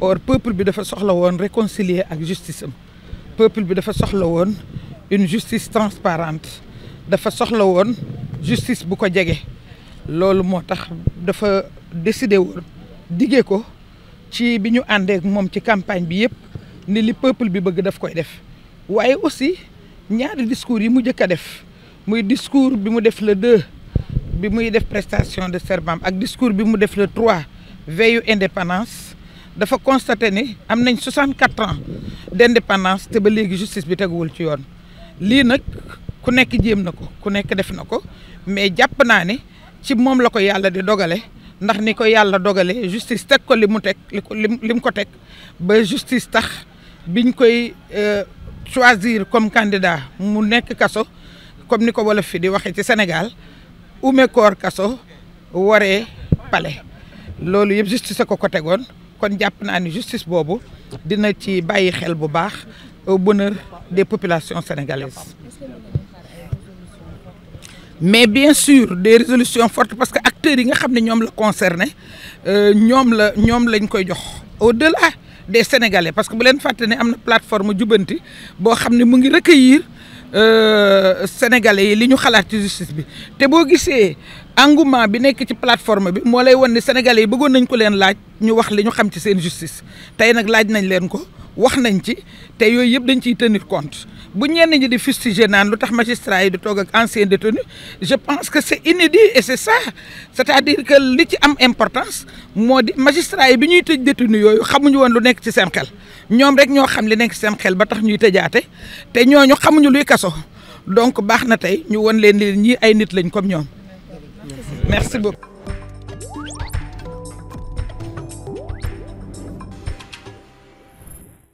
or peuple bi dafa soxla woon réconcilier ak justice am bi dafa soxla woon une justice transparente dafa soxla woon justice bu ko jege loolu moo tax dafa décidé woon diggee ko ci bi ñu àndeek moom ci campagne bi yëpp ni li peuple bi bëgg daf koy def waaye aussi ñaari discours yi mu njëkk a def muy discours bi mu def le deux bi muy def prestation de serment ak discours bi mu def le trois veillu indépendance dafa constaté ni am nañ 64 ans d' indépendance te ba léegi justice bi teguwul ci yoon lii nag ku nekk jéem na ko ku nekk def na ko mais jàpp naa ne ci moom la ko yàlla di dogale ndax ni ko yàlla dogale justice teg ko li mu teg li ko li mu ko teg ba justice tax biñ koy euh, choisir comme candidat mu nekk kaso comme ni ko wolof fi di waxee ci Sénégal ume koor kaso waree pale loolu yëpp justice ko ko tegoon kon jàpp naa ni justice boobu dina ci bàyyi xel bu baax au bonheur des populations sénégalaises mais bien sûr des résolutions fortes parce que acteurs yi nga xam ne ñoom la concerné euh, ñoom la ñoom lañ koy jox au ah des sénégalais parce que bu leen fàtte ne am na plateforme jubbanti boo xam ne mu ngi yiir Euh, sénégalais yi li ñu xalaat ci justice bi te boo gisee engouement bi nekk ci plateforme bi moo lay wan ne sénégalais yi bëggoon nañ ko leen laaj ñu wax li ñu xam ci seen justice tey nag laaj nañ leen ko wax nañ ci te yooyu yëpp dañ ciy tenir compte bu ñenn ñi di fustiger naan lu tax magistrat yi di toog ak ancien détenu je pense que c' est inédit et c' est ça c' est à dire que li ci am importance moo di magistrat yi bi ñuy tëj détenu yooyu xamuñu woon lu nekk ci seen xel ñoom rek ñoo xam li nekk ci seen xel ba tax ñuy tëjaate te ñooñu xamuñu luy kaso donc baax na tey ñu won leen ñii ay nit lañ comme ñoom